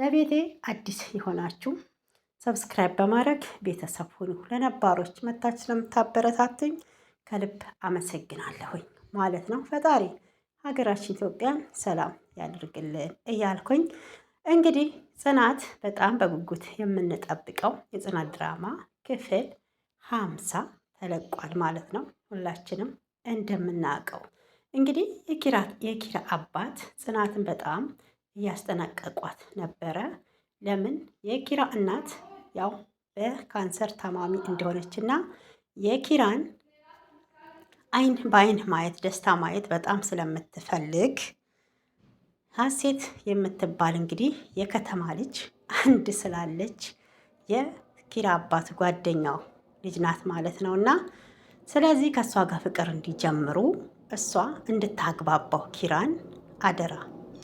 ለቤቴ አዲስ የሆናችሁ ሰብስክራይብ በማድረግ ቤተሰብ ሁኑ። ለነባሮች መታች ስለምታበረታትኝ ከልብ አመሰግናለሁኝ ማለት ነው። ፈጣሪ ሀገራችን ኢትዮጵያን ሰላም ያደርግልን እያልኩኝ እንግዲህ ጽናት በጣም በጉጉት የምንጠብቀው የጽናት ድራማ ክፍል ሀምሳ ተለቋል ማለት ነው። ሁላችንም እንደምናውቀው እንግዲህ የኪራ አባት ጽናትን በጣም እያስጠነቀቋት ነበረ። ለምን የኪራ እናት ያው በካንሰር ታማሚ እንደሆነች እና የኪራን አይን በአይን ማየት ደስታ ማየት በጣም ስለምትፈልግ ሀሴት የምትባል እንግዲህ የከተማ ልጅ አንድ ስላለች የኪራ አባት ጓደኛው ልጅ ናት ማለት ነው እና ስለዚህ ከእሷ ጋር ፍቅር እንዲጀምሩ እሷ እንድታግባባው ኪራን አደራ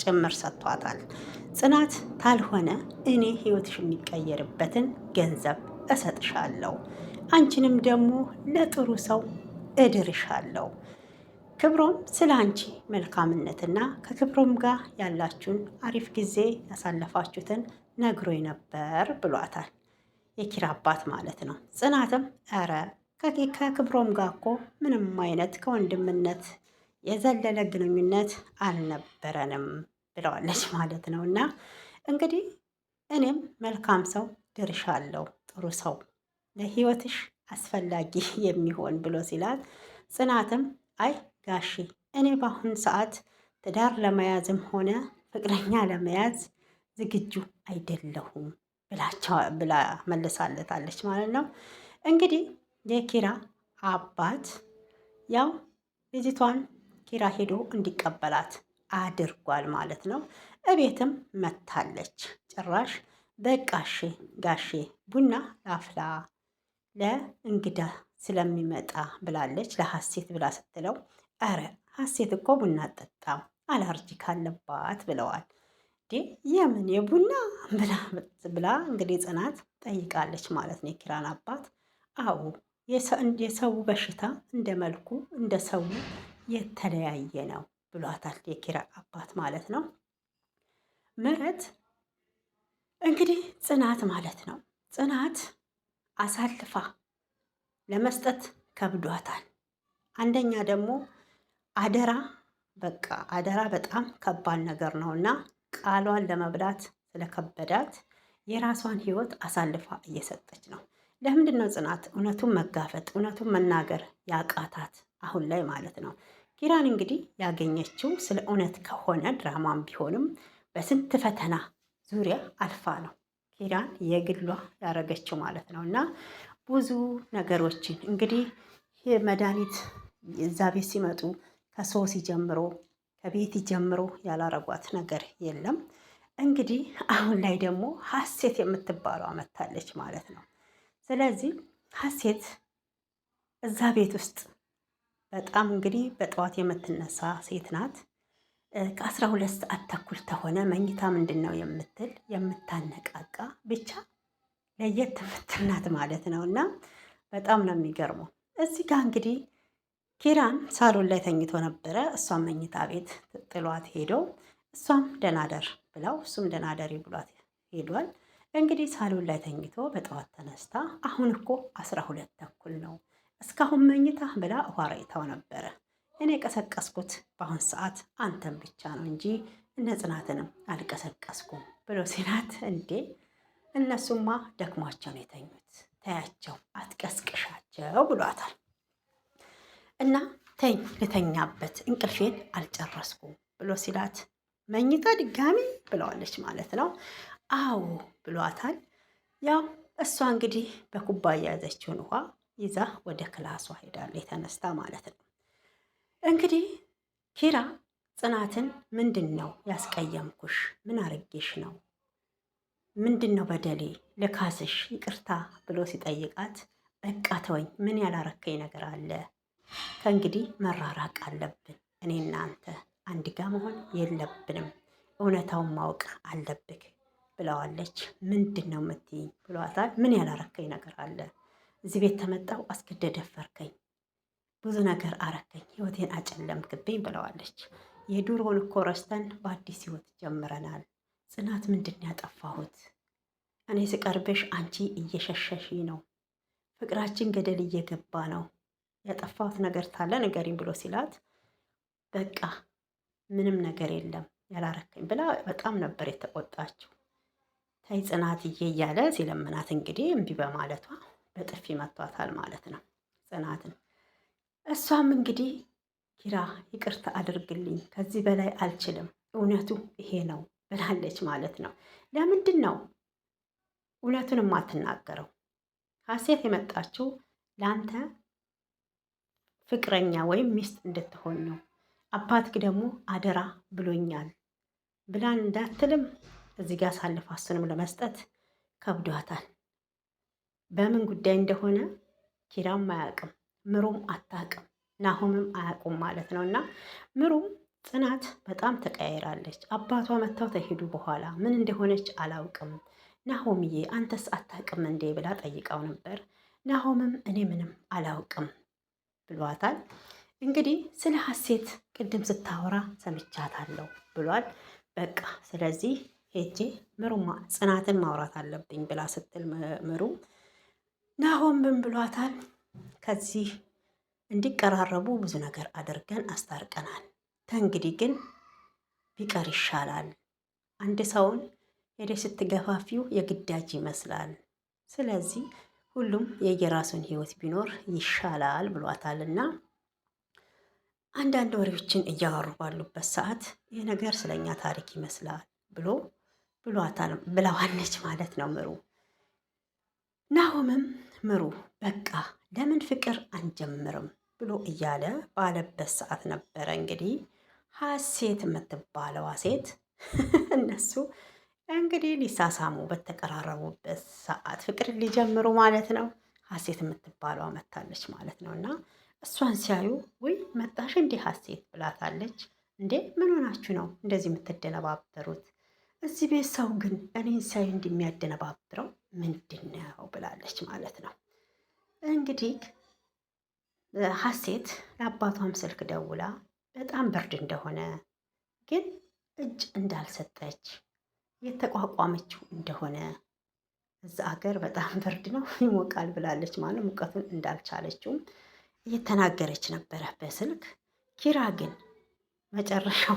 ጭምር ሰጥቷታል። ጽናት ታልሆነ እኔ ህይወትሽ የሚቀየርበትን ገንዘብ እሰጥሻለሁ፣ አንቺንም ደግሞ ለጥሩ ሰው እድርሻለሁ። ክብሮም ስለ አንቺ መልካምነትና ከክብሮም ጋር ያላችሁን አሪፍ ጊዜ ያሳለፋችሁትን ነግሮኝ ነበር ብሏታል። የኪራ አባት ማለት ነው። ጽናትም ኧረ ከክብሮም ጋር እኮ ምንም አይነት ከወንድምነት የዘለለ ግንኙነት አልነበረንም ብለዋለች ማለት ነው። እና እንግዲህ እኔም መልካም ሰው ድርሻ አለው ጥሩ ሰው ለህይወትሽ አስፈላጊ የሚሆን ብሎ ሲላት፣ ጽናትም አይ ጋሺ እኔ በአሁኑ ሰዓት ትዳር ለመያዝም ሆነ ፍቅረኛ ለመያዝ ዝግጁ አይደለሁም ብላ መልሳለታለች ማለት ነው። እንግዲህ የኪራ አባት ያው ልጅቷን ኪራ ሄዶ እንዲቀበላት አድርጓል ማለት ነው። እቤትም መታለች። ጭራሽ በቃሽ ጋሼ ቡና ላፍላ ለእንግዳ ስለሚመጣ ብላለች። ለሐሴት ብላ ስትለው ኧረ ሐሴት እኮ ቡና አጠጣም አላርጂ ካለባት ብለዋል። የምን የቡና ብላ እንግዲህ ጽናት ጠይቃለች ማለት ነው የኪራን አባት። አዎ የሰው በሽታ እንደ መልኩ እንደ ሰው የተለያየ ነው ብሏታል የኪራ አባት ማለት ነው። ምረት እንግዲህ ጽናት ማለት ነው ጽናት አሳልፋ ለመስጠት ከብዷታል። አንደኛ ደግሞ አደራ በቃ አደራ በጣም ከባድ ነገር ነው እና ቃሏን ለመብላት ስለከበዳት የራሷን ሕይወት አሳልፋ እየሰጠች ነው። ለምንድን ነው ጽናት እውነቱን መጋፈጥ እውነቱን መናገር ያቃታት? አሁን ላይ ማለት ነው። ኪራን እንግዲህ ያገኘችው ስለ እውነት ከሆነ ድራማም ቢሆንም በስንት ፈተና ዙሪያ አልፋ ነው ኪራን የግሏ ያደረገችው ማለት ነው። እና ብዙ ነገሮችን እንግዲህ መድኃኒት እዛ ቤት ሲመጡ ከሶሲ ጀምሮ ከቤቲ ጀምሮ ያላረጓት ነገር የለም። እንግዲህ አሁን ላይ ደግሞ ሀሴት የምትባለው መታለች ማለት ነው። ስለዚህ ሀሴት እዛ ቤት ውስጥ በጣም እንግዲህ በጠዋት የምትነሳ ሴት ናት። ከአስራ ሁለት ሰዓት ተኩል ተሆነ መኝታ ምንድን ነው የምትል የምታነቃቃ ብቻ ለየት የምትል ናት ማለት ነው። እና በጣም ነው የሚገርመው። እዚህ ጋር እንግዲህ ኪራን ሳሎን ላይ ተኝቶ ነበረ። እሷም መኝታ ቤት ጥሏት ሄዶ እሷም ደናደር ብላው እሱም ደናደሪ ብሏት ሄዷል። እንግዲህ ሳሎን ላይ ተኝቶ በጠዋት ተነስታ አሁን እኮ አስራ ሁለት ተኩል ነው እስካሁን መኝታ ብላ ውሃ ረጭታው ነበረ። እኔ ቀሰቀስኩት፣ በአሁን ሰዓት አንተን ብቻ ነው እንጂ እነ ጽናትንም አልቀሰቀስኩም ብሎ ሲላት፣ እንዴ እነሱማ ደክሟቸው ነው የተኙት፣ ተያቸው፣ አትቀስቅሻቸው ብሏታል። እና ተኝ ልተኛበት፣ እንቅልፌን አልጨረስኩም ብሎ ሲላት፣ መኝታ ድጋሚ ብለዋለች ማለት ነው። አዎ ብሏታል። ያው እሷ እንግዲህ በኩባያ ያዘችውን ውሃ ይዛ ወደ ክላሷ ሄዳለች ተነስታ ማለት ነው። እንግዲህ ኪራ ጽናትን ምንድን ነው ያስቀየምኩሽ? ምን አርጌሽ ነው? ምንድን ነው በደሌ? ልካስሽ ይቅርታ ብሎ ሲጠይቃት በቃ ተወኝ፣ ምን ያላረከኝ ነገር አለ? ከእንግዲህ መራራቅ አለብን። እኔ እናንተ አንድ ጋ መሆን የለብንም። እውነታውን ማወቅ አለብክ ብለዋለች። ምንድን ነው የምትይኝ ብሏታል። ምን ያላረከኝ ነገር አለ እዚህ ቤት ተመጣው አስገደ ደፈርከኝ፣ ብዙ ነገር አረከኝ፣ ህይወቴን አጨለምክብኝ ብለዋለች። የድሮውን እኮ ረስተን በአዲስ ህይወት ጀምረናል። ጽናት ምንድን ያጠፋሁት? እኔ ስቀርብሽ አንቺ እየሸሸሽ ነው፣ ፍቅራችን ገደል እየገባ ነው። ያጠፋሁት ነገር ታለ ንገሪኝ ብሎ ሲላት በቃ ምንም ነገር የለም ያላረከኝ ብላ በጣም ነበር የተቆጣችው። ተይ ጽናትዬ እያለ ሲለምናት እንግዲህ እምቢ በማለቷ በጥፊ መቷታል ማለት ነው ጽናትን። እሷም እንግዲህ ኪራ ይቅርታ አድርግልኝ፣ ከዚህ በላይ አልችልም፣ እውነቱ ይሄ ነው ብላለች ማለት ነው። ለምንድን ነው እውነቱን የማትናገረው? ሀሴት የመጣችው ለአንተ ፍቅረኛ ወይም ሚስት እንድትሆን ነው። አባትህ ደግሞ አደራ ብሎኛል ብላን እንዳትልም እዚህ ጋር አሳልፋ እሱንም ለመስጠት ከብዷታል። በምን ጉዳይ እንደሆነ ኪራም አያውቅም፣ ምሩም አታውቅም፣ ናሆምም አያውቁም ማለት ነው። እና ምሩም ጽናት በጣም ተቀያይራለች። አባቷ መታው ተሄዱ በኋላ ምን እንደሆነች አላውቅም፣ ናሆምዬ አንተስ አታውቅም እንዴ ብላ ጠይቀው ነበር። ናሆምም እኔ ምንም አላውቅም ብሏታል። እንግዲህ ስለ ሀሴት ቅድም ስታወራ ሰምቻታለሁ ብሏል። በቃ ስለዚህ ሄጄ ምሩማ ጽናትን ማውራት አለብኝ ብላ ስትል ምሩ ናሆም ምን ብሏታል? ከዚህ እንዲቀራረቡ ብዙ ነገር አድርገን አስታርቀናል። ተእንግዲህ ግን ቢቀር ይሻላል። አንድ ሰውን ሄደ ስትገፋፊው የግዳጅ ይመስላል። ስለዚህ ሁሉም የየራሱን ህይወት ቢኖር ይሻላል ብሏታል እና አንዳንድ ወሬዎችን እያወሩ ባሉበት ሰዓት ይህ ነገር ስለኛ ታሪክ ይመስላል ብሎ ብሏታል ብለዋነች ማለት ነው ምሩ ናሆምም ምሩ በቃ ለምን ፍቅር አንጀምርም ብሎ እያለ ባለበት ሰዓት ነበረ እንግዲህ ሀሴት የምትባለዋ ሴት እነሱ እንግዲህ ሊሳሳሙ በተቀራረቡበት ሰዓት ፍቅር ሊጀምሩ ማለት ነው። ሀሴት የምትባለዋ መታለች ማለት ነው። እና እሷን ሲያዩ ውይ መጣሽ እንዲህ ሀሴት ብላታለች። እንዴ ምን ሆናችሁ ነው እንደዚህ የምትደነባበሩት? እዚህ ቤት ሰው ግን እኔን ሳይ እንደሚያደነባብረው ምንድን ነው ብላለች ማለት ነው። እንግዲህ ሀሴት ለአባቷም ስልክ ደውላ በጣም ብርድ እንደሆነ ግን እጅ እንዳልሰጠች የተቋቋመችው እንደሆነ እዛ አገር በጣም ብርድ ነው ይሞቃል ብላለች ማለት ሙቀቱን እንዳልቻለችውም እየተናገረች ነበረ በስልክ ኪራ ግን መጨረሻው